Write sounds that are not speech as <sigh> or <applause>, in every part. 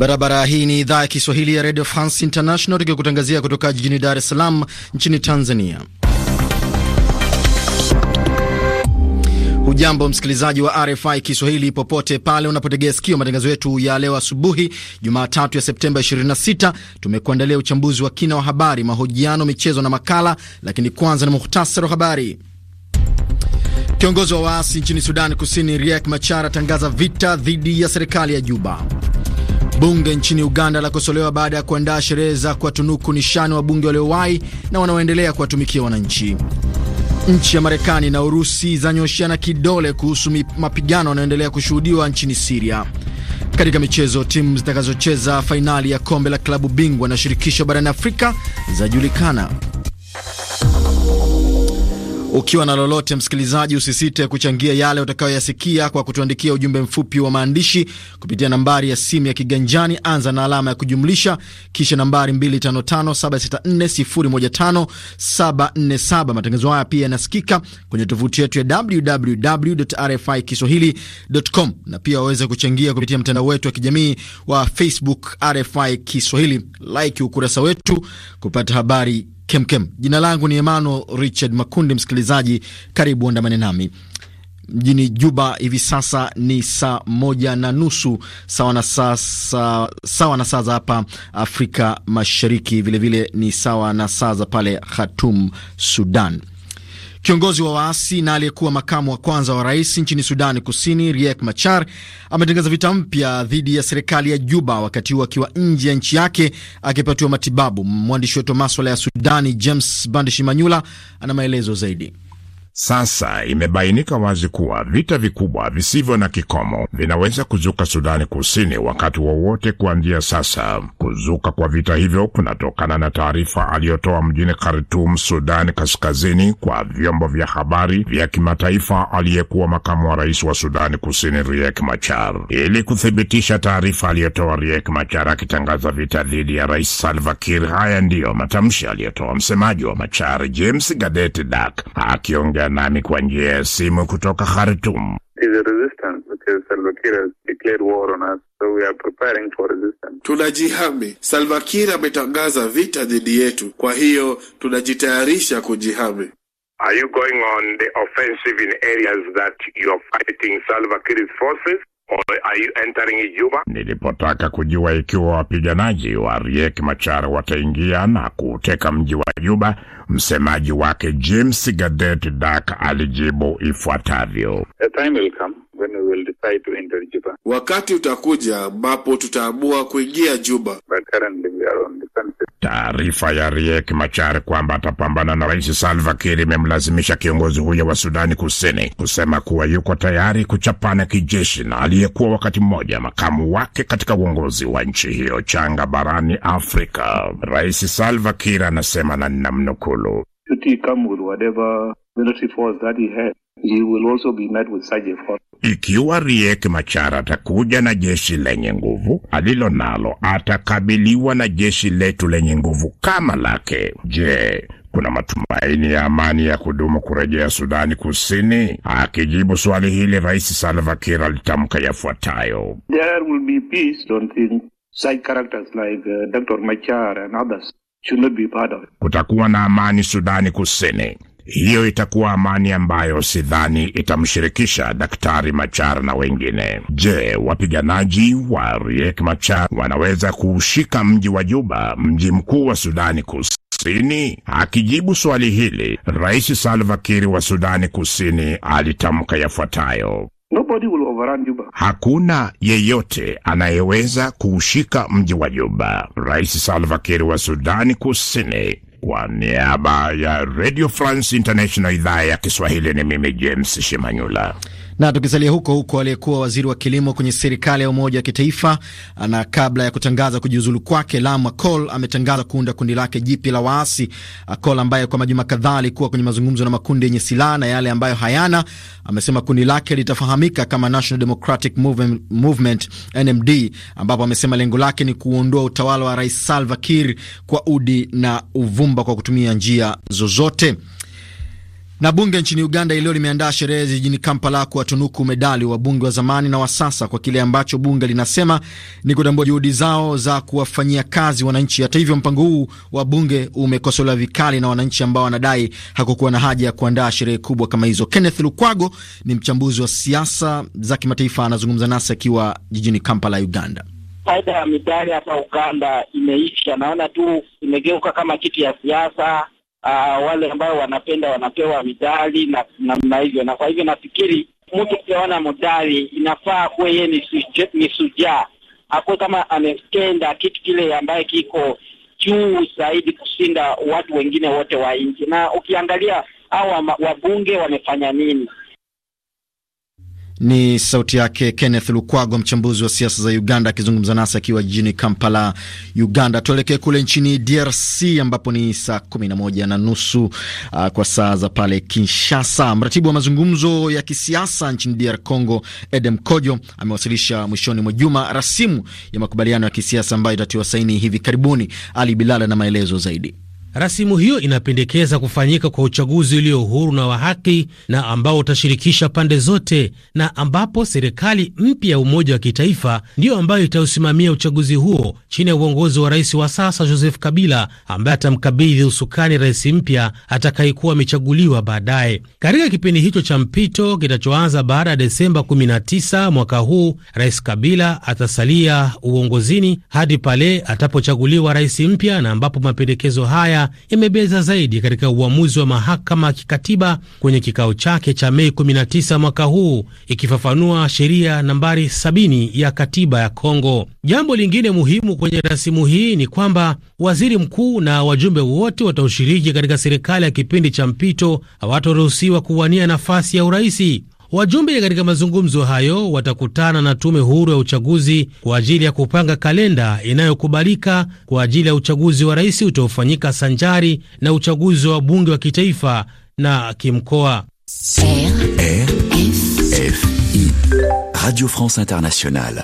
Barabara hii ni idhaa ya Kiswahili ya Radio France International, tukikutangazia kutoka jijini Dar es Salaam nchini Tanzania. Ujambo msikilizaji wa RFI Kiswahili popote pale unapotegea sikio matangazo yetu ya leo asubuhi, Jumatatu ya Septemba 26. Tumekuandalia uchambuzi wa kina wa habari, mahojiano, michezo na makala, lakini kwanza ni muhtasari wa habari. Kiongozi wa waasi nchini Sudani Kusini Riek Machar atangaza vita dhidi ya serikali ya Juba. Bunge nchini Uganda lakosolewa baada ya kuandaa sherehe za kuwatunuku nishani wabunge waliowahi na wanaoendelea kuwatumikia wananchi. Nchi ya Marekani na Urusi zanyoshiana kidole kuhusu mapigano yanayoendelea kushuhudiwa nchini Siria. Katika michezo, timu zitakazocheza fainali ya kombe la klabu bingwa na shirikisho barani Afrika zajulikana. Ukiwa na lolote, msikilizaji, usisite kuchangia yale utakayoyasikia kwa kutuandikia ujumbe mfupi wa maandishi kupitia nambari ya simu ya kiganjani. Anza na alama ya kujumlisha kisha nambari 255764015747. Matangazo haya pia yanasikika kwenye tovuti yetu ya www.rfi kiswahili.com, na pia waweze kuchangia kupitia mtandao wetu wa kijamii wa Facebook RFI Kiswahili. Like ukurasa wetu kupata habari kemkem. Jina langu ni Emmanuel Richard Makundi. Msikilizaji, karibu andamane nami mjini Juba hivi sasa ni saa moja na nusu sawa na saa sawa na saa za hapa Afrika Mashariki, vilevile vile ni sawa na saa za pale Khartoum, Sudan. Kiongozi wa waasi na aliyekuwa makamu wa kwanza wa rais nchini Sudani Kusini, Riek Machar ametangaza vita mpya dhidi ya serikali ya Juba, wakati huo akiwa nje ya nchi yake akipatiwa matibabu. Mwandishi wetu wa maswala ya Sudani, James Bandishi Manyula, ana maelezo zaidi. Sasa imebainika wazi kuwa vita vikubwa visivyo na kikomo vinaweza kuzuka Sudani Kusini wakati wowote wa kuanzia sasa. Kuzuka kwa vita hivyo kunatokana na taarifa aliyotoa mjini Khartum, Sudani Kaskazini, kwa vyombo vya habari vya kimataifa aliyekuwa makamu wa rais wa Sudani Kusini Riek Machar. Ili kuthibitisha taarifa aliyotoa Riek Machar akitangaza vita dhidi ya Rais Salva Kiir, haya ndiyo matamshi aliyotoa msemaji wa Machar James Gadet Dak akiongea pamoja nami kwa njia ya simu kutoka Khartum. Tunajihami. Salva Kiir ametangaza vita dhidi yetu, kwa hiyo tunajitayarisha kujihami. Are you going on the offensive in areas that you are fighting Salva Kiir's forces? Are you entering Juba? Nilipotaka kujua ikiwa wapiganaji wa Riek Machar wataingia na kuteka mji wa Juba, msemaji wake James Gadet Dak alijibu ifuatavyo: The time will come when we will decide to enter Juba. Wakati utakuja ambapo tutaamua kuingia Juba. But currently we are on Taarifa ya Riek Machar kwamba atapambana na Rais Salva Kiir imemlazimisha kiongozi huyo wa Sudani Kusini kusema kuwa yuko tayari kuchapana kijeshi na aliyekuwa wakati mmoja makamu wake katika uongozi wa nchi hiyo changa barani Afrika. Rais Salva Kiir anasema na ninamnukulu, will also be met with such Ikiwa Riek Machar atakuja na jeshi lenye nguvu alilo nalo, atakabiliwa na jeshi letu lenye nguvu kama lake. Je, kuna matumaini ya amani ya kudumu kurejea Sudani Kusini? Akijibu swali hili, Rais Salva Kiir alitamka yafuatayo: There will be peace, don't think such characters like uh, Dr. Machar and others should not be part of it. Kutakuwa na amani Sudani Kusini hiyo itakuwa amani ambayo sidhani itamshirikisha Daktari Machar na wengine. Je, wapiganaji wa Riek Machar wanaweza kuushika mji wa Juba, mji mkuu wa Sudani Kusini? Akijibu swali hili, Rais Salva Kiir wa Sudani Kusini alitamka yafuatayo: Hakuna yeyote anayeweza kuushika mji wa Juba. Rais Salva Kiir wa Sudani Kusini kwa niaba ya Radio France International idhaa ya Kiswahili, ni mimi James Shimanyula. Na tukisalia huko huko, aliyekuwa waziri wa kilimo kwenye serikali ya umoja wa kitaifa na kabla ya kutangaza kujiuzulu kwake, Lam Akol ametangaza kuunda kundi lake jipya la waasi. Akol ah, ambaye kwa majuma kadhaa alikuwa kwenye mazungumzo na makundi yenye silaha na yale ambayo hayana, amesema kundi lake litafahamika kama National Democratic Movement, NMD, ambapo amesema lengo lake ni kuondoa utawala wa Rais Salva Kiir kwa udi na uvumba kwa kutumia njia zozote. Na bunge nchini Uganda ileo limeandaa sherehe jijini Kampala kuwatunuku medali wabunge wa zamani na wa sasa kwa kile ambacho bunge linasema ni kutambua juhudi zao za kuwafanyia kazi wananchi. Hata hivyo, mpango huu wa bunge umekosolewa vikali na wananchi ambao wanadai hakukuwa na haja ya kuandaa sherehe kubwa kama hizo. Kenneth Lukwago ni mchambuzi wa siasa za kimataifa, anazungumza nasi akiwa jijini Kampala, Uganda. Faida ya midali hapa Uganda imeisha, naona tu imegeuka kama kitu ya siasa uh, wale ambao wanapenda wanapewa midali na namna hivyo, na kwa hivyo nafikiri mtu kupewana modali inafaa kuwe yeye ni, ni sujaa akuwe kama amependa kitu kile ambaye kiko juu zaidi kushinda watu wengine wote wa nchi. Na ukiangalia hawa wabunge wamefanya nini? Ni sauti yake Kenneth Lukwago, mchambuzi wa siasa za Uganda, akizungumza nasi akiwa jijini Kampala, Uganda. Tuelekee kule nchini DRC ambapo ni saa kumi na moja na nusu ah, kwa saa za pale Kinshasa. Mratibu wa mazungumzo ya kisiasa nchini DR Congo, Edem Kojo, amewasilisha mwishoni mwa juma rasimu ya makubaliano ya kisiasa ambayo itatiwa saini hivi karibuni. Ali Bilala na maelezo zaidi. Rasimu hiyo inapendekeza kufanyika kwa uchaguzi ulio huru na wa haki na ambao utashirikisha pande zote na ambapo serikali mpya ya umoja wa kitaifa ndiyo ambayo itausimamia uchaguzi huo chini ya uongozi wa rais wa sasa Joseph Kabila ambaye atamkabidhi usukani rais mpya atakayekuwa amechaguliwa baadaye. Katika kipindi hicho cha mpito kitachoanza baada ya Desemba 19 mwaka huu, rais Kabila atasalia uongozini hadi pale atapochaguliwa rais mpya na ambapo mapendekezo haya imebeza zaidi katika uamuzi wa mahakama ya kikatiba kwenye kikao chake cha Mei 19 mwaka huu, ikifafanua sheria nambari 70 ya katiba ya Kongo. Jambo lingine muhimu kwenye rasimu hii ni kwamba waziri mkuu na wajumbe wote watashiriki katika serikali ya kipindi cha mpito hawatoruhusiwa kuwania nafasi ya uraisi. Wajumbe katika mazungumzo hayo watakutana na tume huru ya uchaguzi kwa ajili ya kupanga kalenda inayokubalika kwa ajili ya uchaguzi wa rais utaofanyika sanjari na uchaguzi wa bunge wa kitaifa na kimkoa. Radio France Internationale.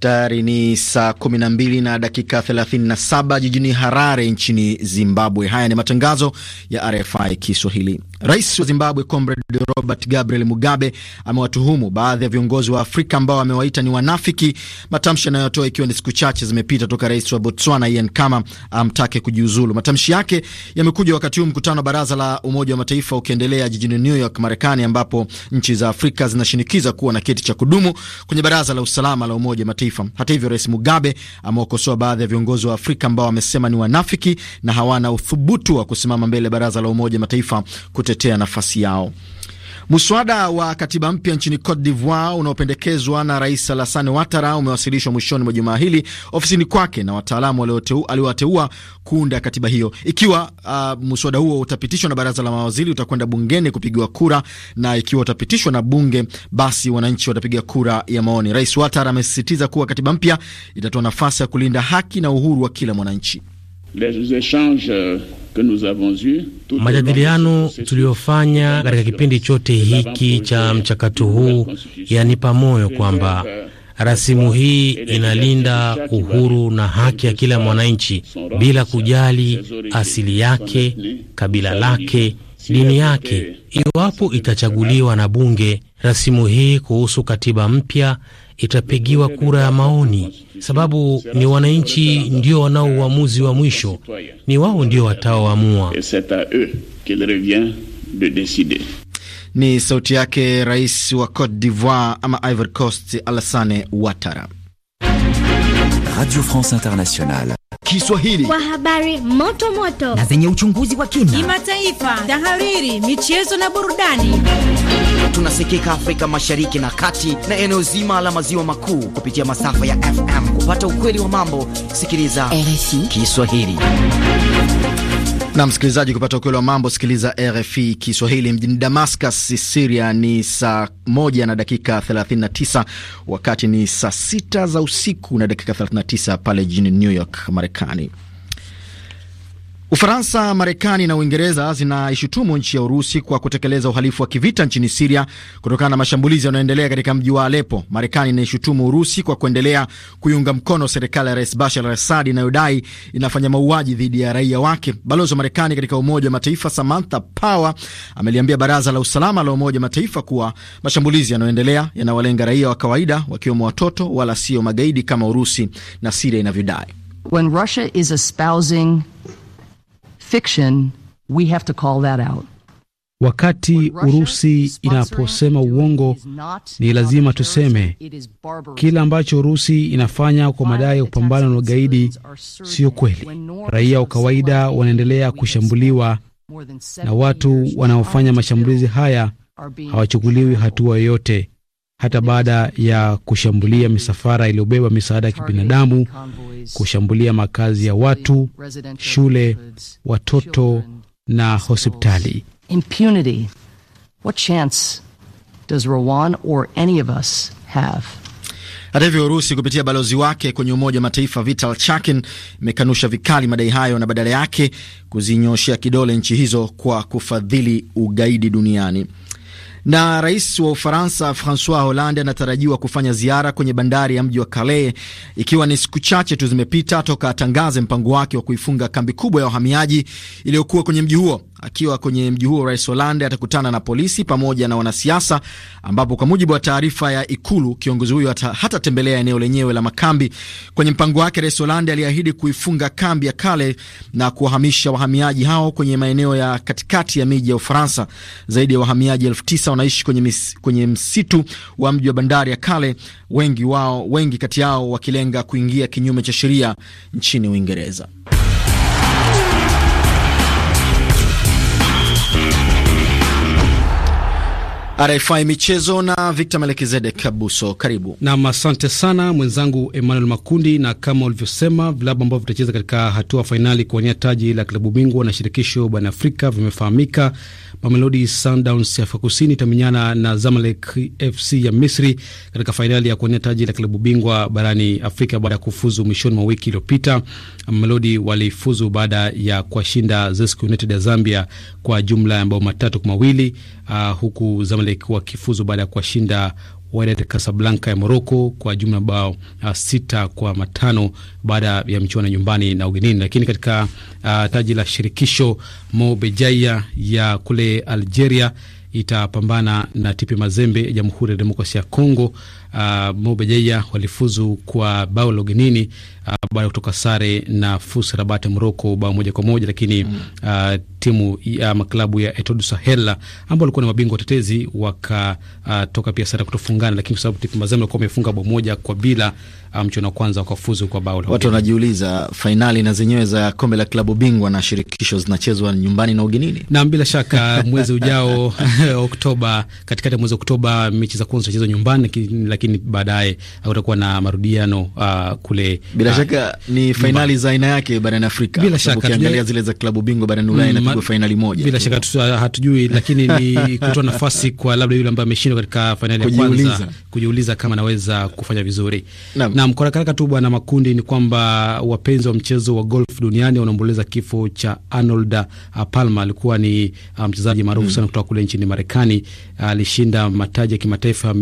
Tayari ni saa kumi na mbili na dakika thelathini na saba jijini Harare nchini Zimbabwe. Haya ni matangazo ya RFI Kiswahili. Rais wa Zimbabwe Comrade Robert Gabriel Mugabe amewatuhumu baadhi ya viongozi wa Afrika ambao amewaita ni wanafiki, matamshi anayotoa ikiwa ni siku chache zimepita toka rais wa Botswana Ian Kama amtake kujiuzulu. Matamshi yake yamekuja wakati huu mkutano wa baraza la Umoja wa Mataifa ukiendelea jijini New York, Marekani, ambapo nchi za Afrika zinashinikiza kuwa na kiti cha kudumu kwenye baraza la usalama la Umoja wa Mataifa kimataifa. Hata hivyo, Rais Mugabe amewakosoa baadhi ya viongozi wa Afrika ambao wamesema ni wanafiki na hawana uthubutu wa kusimama mbele ya Baraza la Umoja Mataifa kutetea nafasi yao. Muswada wa katiba mpya nchini Cote d'Ivoire unaopendekezwa na Rais Alassane Ouattara umewasilishwa mwishoni mwa jumaa hili ofisini kwake na wataalamu aliowateua kuunda katiba hiyo. Ikiwa uh, muswada huo utapitishwa na baraza la mawaziri, utakwenda bungeni kupigiwa kura, na ikiwa utapitishwa na bunge, basi wananchi watapiga kura ya maoni. Rais Ouattara amesisitiza kuwa katiba mpya itatoa nafasi ya kulinda haki na uhuru wa kila mwananchi. Euh, Majadiliano tuliyofanya katika kipindi chote hiki cha mchakato huu yanipa moyo kwamba euh, rasimu hii inalinda uhuru na haki ya kila mwananchi bila kujali asili yake, kabila lake, dini yake. Iwapo itachaguliwa na bunge, rasimu hii kuhusu katiba mpya itapigiwa kura ya maoni, sababu ni wananchi ndio wanao uamuzi wa mwisho, ni wao ndio wataoamua. Ni sauti yake rais wa Cote d'Ivoire ama Ivory Coast, Alassane Ouattara. Radio France Internationale Kiswahili kwa habari moto moto na zenye uchunguzi wa kina, kimataifa, tahariri, michezo na burudani. Tunasikika Afrika Mashariki na Kati na eneo zima la maziwa makuu kupitia masafa ya FM. Kupata ukweli wa mambo, sikiliza RFI Kiswahili. Na msikilizaji, kupata ukweli wa mambo, sikiliza RFI Kiswahili. Mjini Damascus, Syria ni saa moja na dakika 39, wakati ni saa sita za usiku na dakika 39 pale jijini New York, Marekani. Ufaransa, Marekani na Uingereza zinaishutumu nchi ya Urusi kwa kutekeleza uhalifu wa kivita nchini Siria kutokana na mashambulizi yanayoendelea katika mji wa Alepo. Marekani inaishutumu Urusi kwa kuendelea kuiunga mkono serikali ya Rais Bashar al Assad inayodai inafanya mauaji dhidi ya raia wake. Balozi wa Marekani katika Umoja wa Mataifa Samantha Power ameliambia Baraza la Usalama la Umoja wa Mataifa kuwa mashambulizi yanayoendelea yanawalenga raia wa kawaida, wakiwemo watoto, wala sio magaidi kama Urusi na Siria inavyodai. When Russia is espousing fiction, we have to call that out. Wakati Urusi inaposema uongo ni lazima tuseme, kila ambacho Urusi inafanya kwa madai ya kupambana na ugaidi siyo kweli. Raia wa kawaida wanaendelea kushambuliwa na watu wanaofanya mashambulizi haya hawachukuliwi hatua yoyote hata baada ya kushambulia misafara iliyobeba misaada ya kibinadamu, kushambulia makazi ya watu, shule, watoto na hospitali. Impunity. What chance does or any of us have? Hata hivyo Urusi kupitia balozi wake kwenye Umoja wa Mataifa Vital Chakin imekanusha vikali madai hayo na badala yake kuzinyoshea kidole nchi hizo kwa kufadhili ugaidi duniani. Na rais wa Ufaransa Francois Hollande anatarajiwa kufanya ziara kwenye bandari ya mji wa Calais ikiwa ni siku chache tu zimepita toka atangaze mpango wake wa kuifunga kambi kubwa ya wahamiaji iliyokuwa kwenye mji huo. Akiwa kwenye mji huo, Rais Holande atakutana na polisi pamoja na wanasiasa, ambapo kwa mujibu wa taarifa ya Ikulu kiongozi huyo hatatembelea eneo lenyewe la makambi. Kwenye mpango wake, Rais Holande aliahidi kuifunga kambi ya kale na kuwahamisha wahamiaji hao kwenye maeneo ya katikati ya miji ya Ufaransa. Zaidi ya wahamiaji elfu tisa wanaishi kwenye, mis, kwenye msitu wa mji wa bandari ya kale, wengi wao wengi kati yao wakilenga kuingia kinyume cha sheria nchini Uingereza. RFI michezo na Victor Melekizede Kabuso, karibu nam. Asante sana mwenzangu Emmanuel Makundi, na kama ulivyosema vilabu ambavyo vitacheza katika hatua fainali kuwania taji la klabu bingwa na shirikisho barani Afrika vimefahamika. Mamelodi Sundowns ya Afrika Kusini itamenyana na Zamalek FC ya Misri katika fainali ya kuwania taji la klabu bingwa barani Afrika baada ya kufuzu mwishoni mwa wiki iliyopita. Mamelodi walifuzu baada ya kuwashinda Zesco United ya Zambia kwa jumla ya mabao matatu kwa mawili uh, huku Zamalek wakifuzu baada ya kuwashinda Wydad Casablanca ya Morocco kwa jumla bao uh, sita kwa matano baada ya michuano nyumbani na ugenini. Lakini katika uh, taji la shirikisho Mo Bejaia ya kule Algeria itapambana na Tipi Mazembe ya Jamhuri ya Demokrasia ya Kongo uh, ah, Mo walifuzu kwa bao la ugenini uh, baada ya kutoka sare na FUS Rabat ya Moroko bao moja kwa moja, lakini mm. uh, timu ya uh, maklabu ya Etoile du Sahel ambao walikuwa ni mabingwa watetezi wakatoka uh, pia sare kutofungana, lakini kwa sababu TP Mazembe walikuwa wamefunga bao moja kwa bila mchuano um, wa kwanza wakafuzu kwa bao la watu wanajiuliza, fainali na zenyewe za kombe la klabu bingwa na shirikisho zinachezwa nyumbani na ugenini, na bila shaka mwezi ujao <laughs> Oktoba, katikati ya mwezi Oktoba mechi za kwanza zitachezwa nyumbani lakini lakini baadaye kutakuwa na marudiano uh, kule uh, bila uh, shaka ni fainali za aina yake barani Afrika. Bila shaka tukiangalia zile za klabu bingwa barani Ulaya mm, inapigwa fainali moja, bila shaka hatujui, lakini ni <laughs> kutoa nafasi kwa labda yule ambaye ameshindwa katika fainali ya kwanza kujiuliza kama anaweza kufanya vizuri. Naam, kwa haraka tu bwana makundi, ni kwamba wapenzi wa mchezo wa golf duniani wanaomboleza kifo cha Arnold uh, Palmer. Alikuwa ni uh, mchezaji um, maarufu mm. sana kutoka kule nchini Marekani. Alishinda mataji ya kimataifa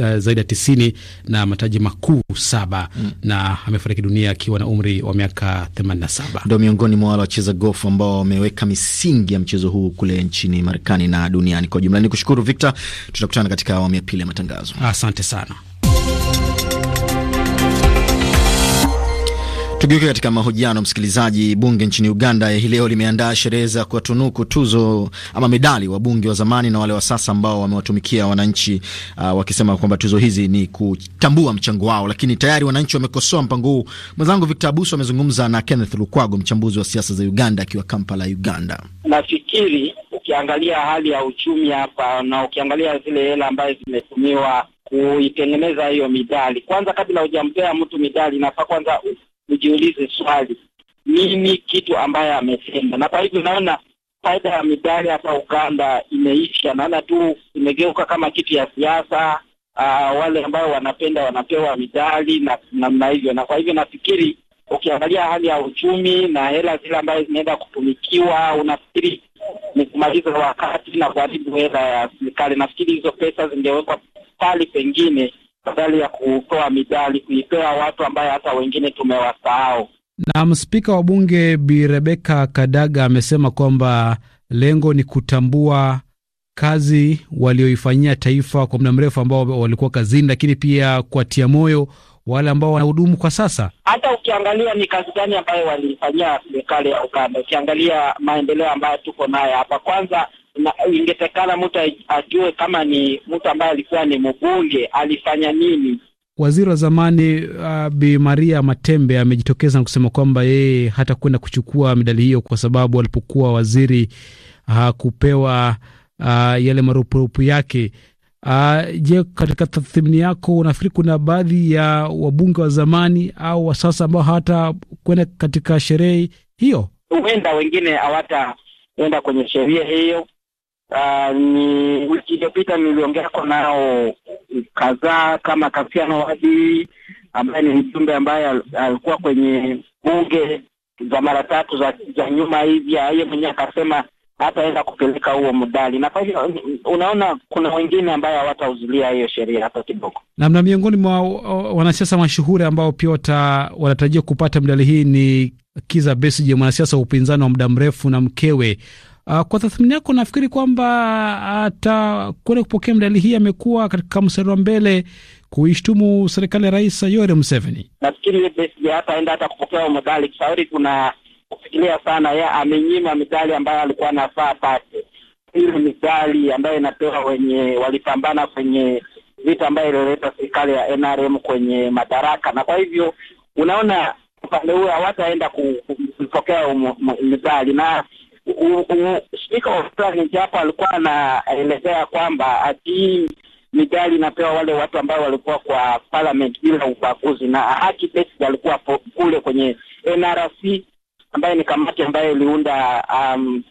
uh, zaidi ya tisini na mataji makuu saba mm. na amefariki dunia akiwa na umri wa miaka 87. Ndo miongoni mwa wale wacheza gofu ambao wameweka misingi ya mchezo huu kule nchini Marekani na duniani kwa jumla. Ni kushukuru Victor, tutakutana katika awamu ya pili ya matangazo. Asante sana. Tugeuke katika mahojiano, msikilizaji. Bunge nchini Uganda hii leo limeandaa sherehe za kuwatunuku tuzo ama medali wabunge wa zamani na wale wa sasa ambao wamewatumikia wananchi, uh, wakisema kwamba tuzo hizi ni kutambua mchango wao, lakini tayari wananchi wamekosoa mpango huu. Mwenzangu Victor Abuso amezungumza na Kenneth Lukwago, mchambuzi wa siasa za Uganda akiwa Kampala, Uganda. Nafikiri ukiangalia hali ya uchumi hapa na ukiangalia zile hela ambazo zimetumiwa kuitengeneza hiyo midali, kwanza kabla hujampea mtu midali, nafaa kwanza ujiulize swali, nini kitu ambaye amesema. Na kwa hivyo naona faida ya midali hapa Uganda imeisha, naona tu imegeuka kama kitu ya siasa. Uh, wale ambao wanapenda wanapewa midali na namna hivyo, na kwa hivyo nafikiri ukiangalia hali ya uchumi na hela zile ambazo zinaenda kutumikiwa, unafikiri ni kumaliza wakati na kuharibu hela ya serikali. Nafikiri hizo pesa zingewekwa pali pengine badala ya kutoa midali kuipea watu ambayo hata wengine tumewasahau. Na spika wa bunge Bi Rebeka Kadaga amesema kwamba lengo ni kutambua kazi walioifanyia taifa kwa muda mrefu ambao walikuwa kazini, lakini pia kuwatia moyo wale ambao wanahudumu kwa sasa. Hata ukiangalia ni kazi gani ambayo waliifanyia serikali ya Uganda, ukiangalia maendeleo ambayo tuko nayo hapa, kwanza ingetekana mtu ajue kama ni mtu ambaye alikuwa ni mbunge alifanya nini. Waziri wa zamani uh, Bi Maria Matembe amejitokeza na kusema kwamba yeye hata kwenda kuchukua medali hiyo kwa sababu alipokuwa waziri uh, hakupewa uh, uh, yale marupurupu yake. Uh, je, katika tathmini yako unafikiri kuna baadhi ya wabunge wa zamani au wa sasa ambao hata kwenda katika sherehe hiyo? Huenda wengine hawataenda kwenye sherehe hiyo, Uh, ni wiki iliyopita niliongea kwa nao kadhaa kama Kasiano wadi ambaye ni mjumbe ambaye alikuwa kwenye bunge za mara tatu za, za nyuma hivi, yeye mwenyewe akasema hataenda kupeleka huo mdali, na kwa hivyo unaona kuna wengine ambaye hawatahudhuria hiyo sheria hata kidogo. Namna miongoni mwa wanasiasa mashuhuri ambao pia wanatarajia kupata mdali hii ni Kiza Besigye, mwanasiasa wa upinzani wa muda mrefu na mkewe Uh, kwa tathmini yako nafikiri kwamba hata uh, kule kupokea medali hii amekuwa katika mstari wa mbele kuishtumu serikali ya Rais Yoweri Museveni. Nafikiri Besigye hataenda hata kupokea medali, kushauri kuna kufikiria sana, ye amenyima medali ambayo alikuwa anafaa pate. Hiyo medali ambayo inapewa wenye walipambana kwenye vita ambayo ilileta serikali ya NRM kwenye madaraka, na kwa hivyo unaona upande huo hawataenda kupokea medali na Spika wa Parliament Japo alikuwa anaelezea kwamba ati ni gari inapewa wale watu ambao walikuwa kwa parliament bila ubaguzi, na haki pesi alikuwa kule kwenye NRC ambaye ni kamati ambayo iliunda um,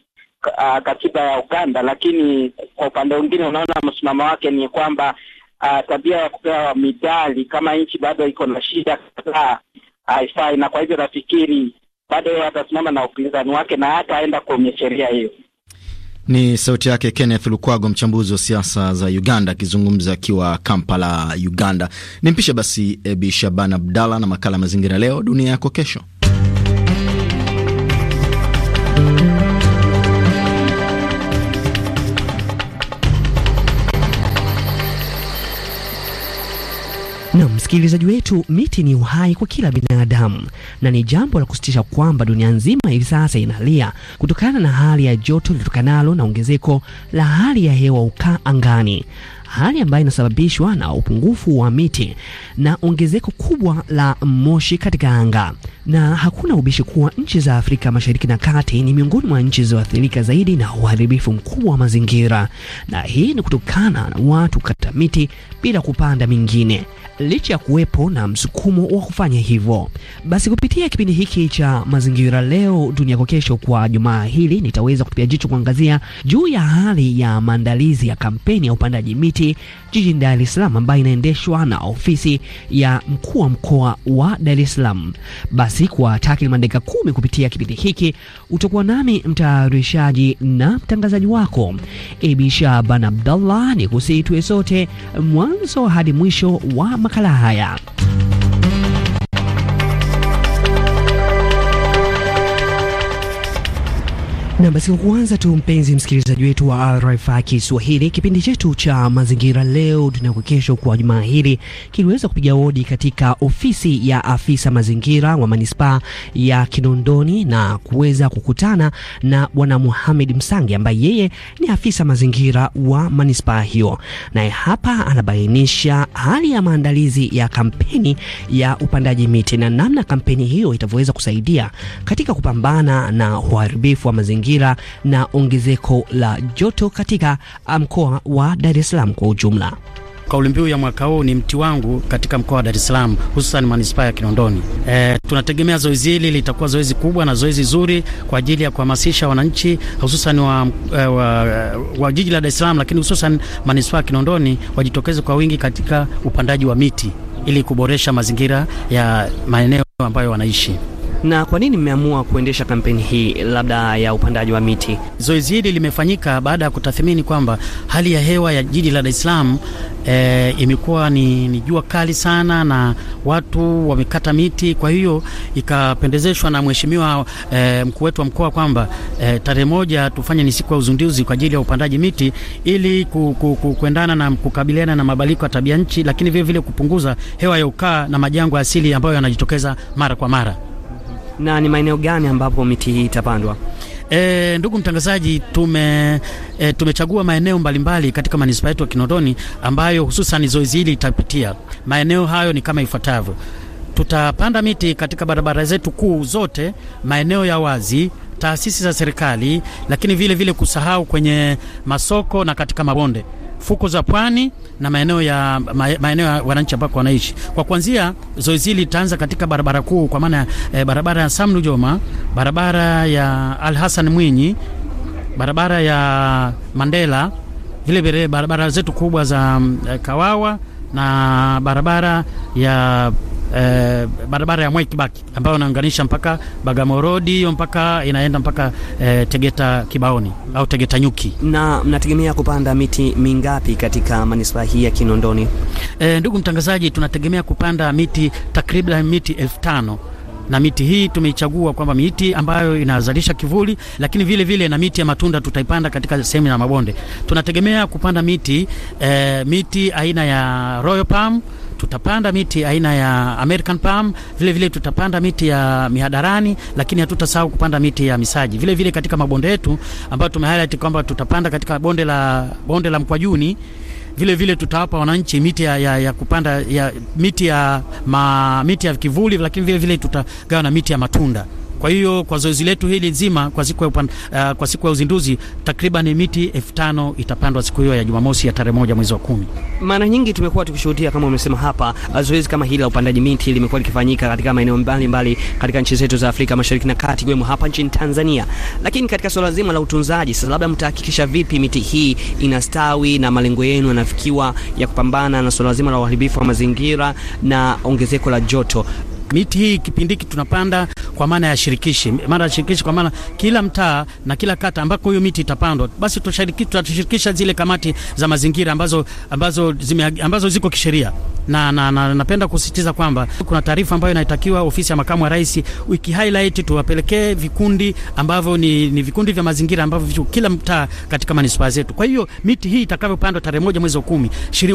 uh, katiba ya Uganda. Lakini kwa upande mwingine, unaona msimamo wake ni kwamba uh, tabia ya kupewa midali kama nchi bado iko na shida kadhaa haifai, na kwa hivyo nafikiri bado yeye atasimama na upinzani wake na hataenda kwenye sheria hiyo. Ni sauti yake Kenneth Lukwago, mchambuzi wa siasa za Uganda, akizungumza akiwa Kampala, Uganda. Nimpishe basi ebi Shaban Abdalla na makala ya mazingira, leo dunia yako kesho. Na msikilizaji wetu, miti ni uhai kwa kila binadamu, na ni jambo la kusitisha kwamba dunia nzima hivi sasa inalia kutokana na hali ya joto litokanalo na ongezeko la hali ya hewa ukaa angani, hali ambayo inasababishwa na upungufu wa miti na ongezeko kubwa la moshi katika anga na hakuna ubishi kuwa nchi za Afrika Mashariki na Kati ni miongoni mwa nchi zilizoathirika zaidi na uharibifu mkubwa wa mazingira, na hii ni kutokana na watu kata miti bila kupanda mingine, licha ya kuwepo na msukumo wa kufanya hivyo. Basi kupitia kipindi hiki cha Mazingira Leo Dunia kwa Kesho, kwa jumaa hili nitaweza kutupia jicho kuangazia juu ya hali ya maandalizi ya kampeni ya upandaji miti jijini Dar es Salaam ambayo inaendeshwa na ofisi ya mkuu wa mkoa wa Dar es Salaam basi kwa takriban dakika kumi kupitia kipindi hiki. Utakuwa nami mtayarishaji na mtangazaji wako Abi ban Abdallah, ni kusii tuwe sote mwanzo hadi mwisho wa makala haya. Na basi kuanza tu, mpenzi msikilizaji wetu wa RFI Kiswahili, kipindi chetu cha mazingira leo tunakuokesha kwa jumaa hili kiliweza kupiga hodi katika ofisi ya afisa mazingira wa manispaa ya Kinondoni na kuweza kukutana na bwana muhamed Msangi ambaye yeye ni afisa mazingira wa manispaa hiyo, naye hapa anabainisha hali ya maandalizi ya kampeni ya upandaji miti na namna kampeni hiyo itavyoweza kusaidia katika kupambana na uharibifu wa mazingira mazingira na ongezeko la joto katika ah, mkoa wa Dar es Salaam kwa ujumla. Kauli mbiu ya mwaka huu ni mti wangu katika mkoa wa Dar es Salaam, hususan manispaa ya Kinondoni. E, tunategemea zoezi hili litakuwa zoezi kubwa na zoezi zuri kwa ajili ya kuhamasisha wananchi hususan wa, wa, eh, wa, wa jiji la Dar es Salaam, lakini hususan manispaa ya Kinondoni wajitokeze kwa wingi katika upandaji wa miti ili kuboresha mazingira ya maeneo ambayo wanaishi. Na kwa nini mmeamua kuendesha kampeni hii labda ya upandaji wa miti? Zoezi hili limefanyika baada ya kutathmini kwamba hali ya hewa ya jiji la Dar es Salaam e, imekuwa ni, ni jua kali sana na watu wamekata miti, kwa hiyo ikapendezeshwa na mheshimiwa e, mkuu wetu wa mkoa kwamba e, tarehe moja tufanye ni siku ya uzinduzi kwa ajili ya upandaji miti ili ku, ku, ku, kuendana na kukabiliana na mabadiliko ya tabia nchi, lakini vilevile kupunguza hewa ya ukaa na majangwa asili ambayo yanajitokeza mara kwa mara na ni maeneo gani ambapo miti hii itapandwa? E, ndugu mtangazaji, tume e, tumechagua maeneo mbalimbali katika manispaa yetu ya Kinondoni ambayo hususan zoezi hili itapitia. Maeneo hayo ni kama ifuatavyo: tutapanda miti katika barabara zetu kuu zote, maeneo ya wazi, taasisi za serikali, lakini vile vile kusahau kwenye masoko na katika mabonde fuko za pwani na maeneo ya maeneo ya wananchi ambao wanaishi. Kwa kuanzia, zoezi hili litaanza katika barabara kuu kwa maana eh, barabara ya Sam Nujoma, barabara ya Al Hassan Mwinyi, barabara ya Mandela, vile vile barabara zetu kubwa za mm, eh, Kawawa na barabara ya eh, barabara ya Mwai Kibaki ambayo inaunganisha mpaka Bagamorodi hiyo mpaka inaenda mpaka eh, Tegeta Kibaoni au Tegeta Nyuki. Na mnategemea kupanda miti mingapi katika manispaa hii ya Kinondoni? Eh, ndugu mtangazaji, tunategemea kupanda miti takriban miti elfu tano na miti hii tumeichagua kwamba miti ambayo inazalisha kivuli, lakini vile vile na miti ya matunda tutaipanda katika sehemu ya mabonde. Tunategemea kupanda miti eh, miti aina ya Royal Palm tutapanda miti aina ya American palm, vile vile tutapanda miti ya mihadarani, lakini hatutasahau kupanda miti ya misaji. Vile vile katika mabonde yetu ambayo tumehighlight kwamba tutapanda katika bonde la bonde la Mkwajuni vile vile tutawapa wananchi miti ya, ya, ya kupanda ya, miti ya ma, miti ya kivuli, lakini vile vile tutagawa na miti ya matunda. Kwa hiyo kwa zoezi letu hili nzima kwa siku ya, upan, uh, kwa siku ya uzinduzi takriban miti elfu tano itapandwa siku hiyo ya Jumamosi ya tarehe moja mwezi wa kumi. Mara nyingi tumekuwa tukishuhudia kama umesema hapa, uh, zoezi kama hili la upandaji miti limekuwa likifanyika katika maeneo mbalimbali katika nchi zetu za Afrika Mashariki na Kati, ikiwemo hapa nchini Tanzania. Lakini katika suala zima la utunzaji, sasa labda mtahakikisha vipi miti hii inastawi na malengo yenu yanafikiwa ya kupambana na suala zima la uharibifu wa mazingira na ongezeko la joto? miti hii kipindiki tunapanda kwa maana ya shirikishi, maana ya shirikishi kwa maana kila mtaa na kila kata ambako hiyo miti itapandwa, basi tushiriki, tutashirikisha zile kamati za mazingira ambazo, ambazo, zime, ambazo ziko kisheria na napenda na, na kusisitiza kwamba kuna taarifa ambayo inatakiwa ofisi ya makamu wa rais wiki highlight tuwapelekee vikundi ambavyo ni, ni vikundi vya mazingira ambavyo kila mtaa katika manispaa zetu. Kwa hiyo miti hii itakavyopandwa tarehe moja mwezi wa kumi,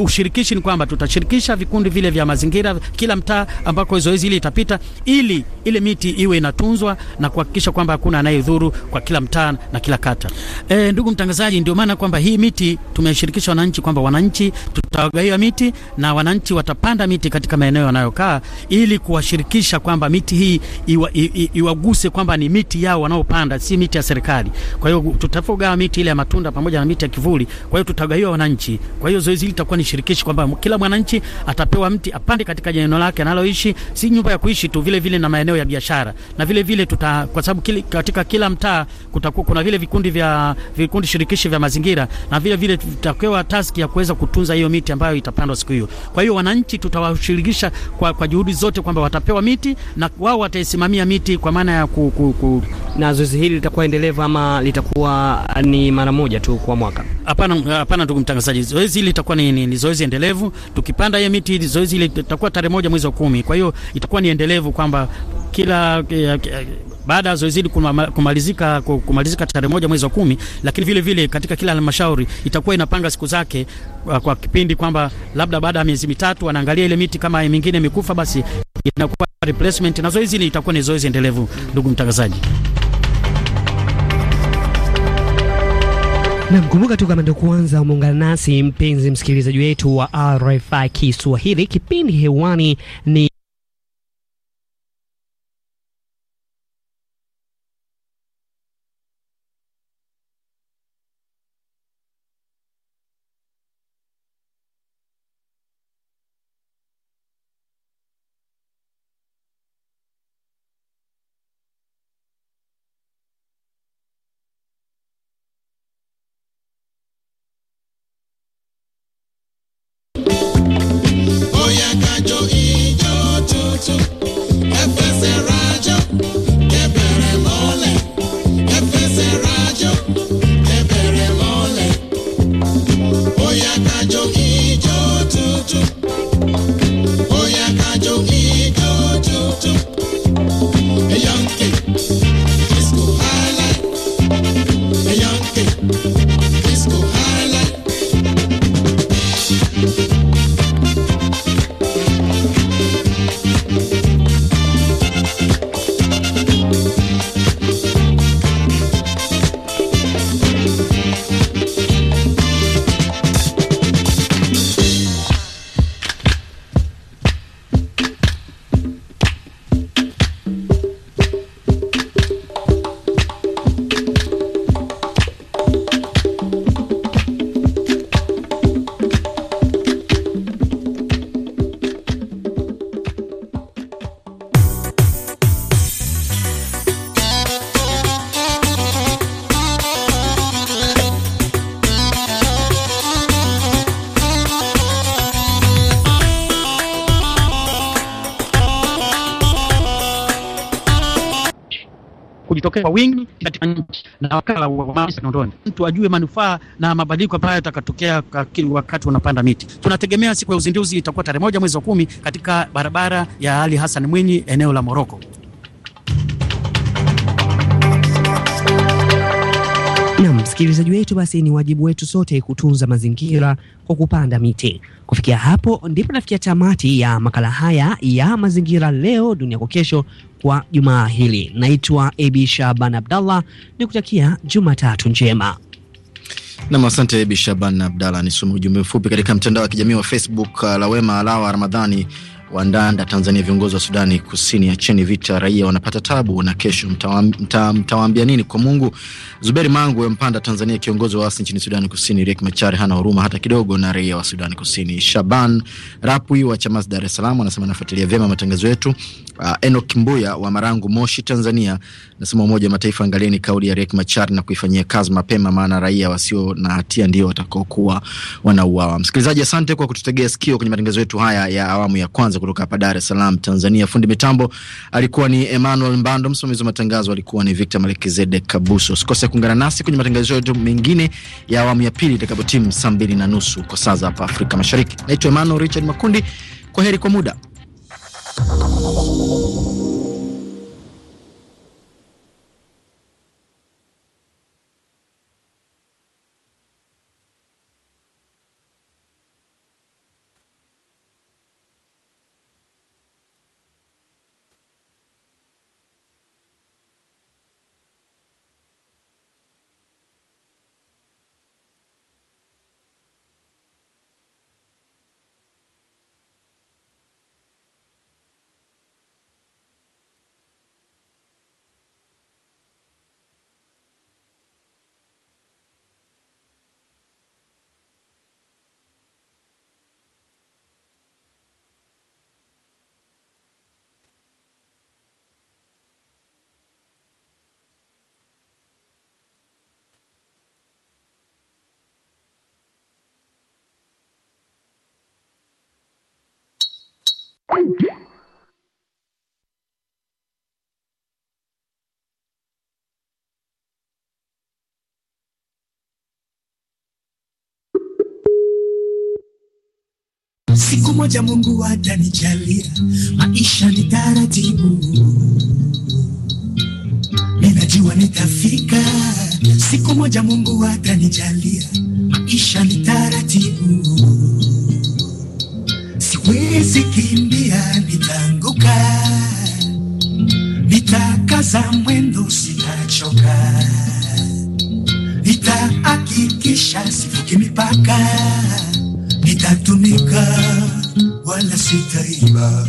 ushirikishi ni kwamba tutashirikisha vikundi vile vya mazingira kila mtaa ambako zoezi hili pitapita, ili ile miti iwe inatunzwa na kuhakikisha kwamba hakuna anayedhuru kwa kila mtaa na kila kata. E, ndugu mtangazaji, ndio maana kwamba hii miti tumeshirikisha wananchi kwamba wananchi tutawagawia miti na wananchi watapanda miti katika maeneo wanayokaa ili kuwashirikisha kwamba miti hii iwa, i, i, iwaguse kwamba ni miti yao wanaopanda, si miti ya serikali. Kwa hiyo tutapogawa miti ile ya matunda pamoja na miti ya kivuli, kwa hiyo tutagawiwa wananchi. Kwa hiyo zoezi hili litakuwa ni shirikishi kwamba kila mwananchi atapewa mti apande katika eneo lake analoishi, si nyumba tutaendelea kuishi tu, vile vile na maeneo ya biashara na vile vile tuta, kwa sababu katika kila mtaa kutakuwa kuna vile vikundi vya vikundi shirikishi vya mazingira na vile vile tutakewa task ya kuweza kutunza hiyo miti ambayo itapandwa siku hiyo. Kwa hiyo wananchi tutawashirikisha kwa, kwa juhudi zote kwamba watapewa miti na wao wataisimamia miti kwa maana ya ku, ku, ku... na zoezi hili litakuwa endelevu ama litakuwa ni mara moja tu kwa mwaka? Hapana, hapana, ndugu mtangazaji, zoezi hili litakuwa ni, ni, ni zoezi endelevu. Tukipanda hiyo miti, zoezi hili litakuwa tarehe moja mwezi wa kumi. Kwa hiyo itakuwa ni endelevu kwamba kila eh, eh, baada ya zoezi hili kumalizika, kumalizika tarehe moja mwezi wa kumi, lakini vile vile katika kila halmashauri itakuwa inapanga siku zake eh, kwa kipindi kwamba labda baada ya miezi mitatu wanaangalia ile miti kama mingine imekufa basi inakuwa replacement, na zoezi hili itakuwa ni zoezi endelevu, ndugu mtangazaji. kumbuka tu kama ndio kuanza umeungana nasi, mpenzi msikilizaji wetu wa RFI Kiswahili, kipindi hewani ni na wakala wa mali Kinondoni, mtu ajue manufaa na mabadiliko ambayo yatakatokea wakati unapanda miti. Tunategemea siku ya uzinduzi itakuwa tarehe moja mwezi wa kumi katika barabara ya Ali Hassan Mwinyi eneo la Moroko. msikilizaji wetu, basi ni wajibu wetu sote kutunza mazingira kwa kupanda miti. Kufikia hapo, ndipo nafikia tamati ya makala haya ya mazingira leo dunia kwa kesho kwa jumaa hili. Naitwa Abi Shaban Abdallah, ni kutakia Jumatatu njema. Nam, asante Bi Shaban Abdallah. Nisome ujumbe mfupi katika mtandao wa kijamii wa Facebook. Uh, lawema Alawa Ramadhani Wandanda Tanzania, viongozi wa Sudani Kusini, acheni vita, raia wanapata tabu na kesho mtawaambia nini kwa Mungu? Zuberi Mangu Mpanda Tanzania, kiongozi wa waasi nchini Sudani Kusini Riek Machar hana huruma hata kidogo na raia wa Sudani Kusini. Shaban Rapwi wa Chamazi, Dar es Salaam, anasema anafuatilia vyema matangazo yetu. Uh, ah, Enok Mbuya wa Marangu, Moshi, Tanzania, anasema Umoja wa Mataifa, angalieni kauli ya Riek Machar na kuifanyia kazi mapema, maana raia wasio na hatia ndio watakaokuwa wanauawa. Msikilizaji, asante kwa kututegea sikio kwenye matangazo yetu haya ya awamu ya kwanza matangazo kutoka hapa Dar es Salaam, Tanzania. Fundi mitambo alikuwa ni Emmanuel Mbando, msimamizi wa matangazo alikuwa ni Victor Malekizede Kabuso. Usikose kuungana nasi kwenye matangazo yetu mengine ya awamu ya pili itakapotimu saa mbili na nusu kwa saa za hapa Afrika Mashariki. Naitwa Emmanuel Richard Makundi, kwa heri kwa muda. Siku moja Mungu atanijalia, maisha ni taratibu, ninajua nitafika. Siku moja Mungu atanijalia, maisha ni taratibu mwizi kimbia, nitanguka, nitakaza mwendo, sitachoka, nitahakikisha sivuki mipaka, nitatumika, wala sitaiba.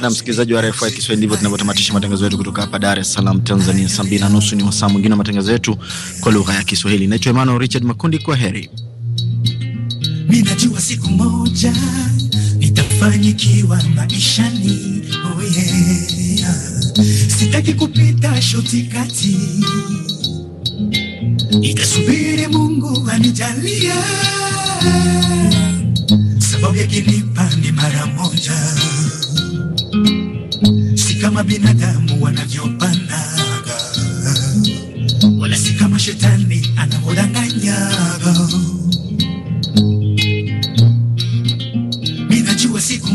Na msikilizaji wa RFI Kiswahili, ndivyo tunavyotamatisha matangazo yetu kutoka hapa Dar es Salaam, Tanzania. Saa mbili na nusu ni wasaa mwingine wa matangazo yetu kwa lugha ya Kiswahili. Naitwa Emmanuel Richard Makundi, kwa heri. Ninajua siku moja kufanyikiwa maishani, oh yeah. Sitaki kupita shoti kati, itasubiri Mungu anijalia, sababu yakinipa ni mara moja, si kama binadamu wanavyopanaga, wala si kama shetani anavyodanganyaga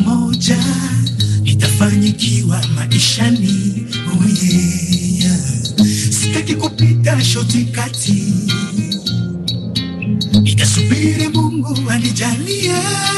moja itafanyikiwa maishani. Oh Sitaki kupita shoti kati, itasubiri Mungu anijalia.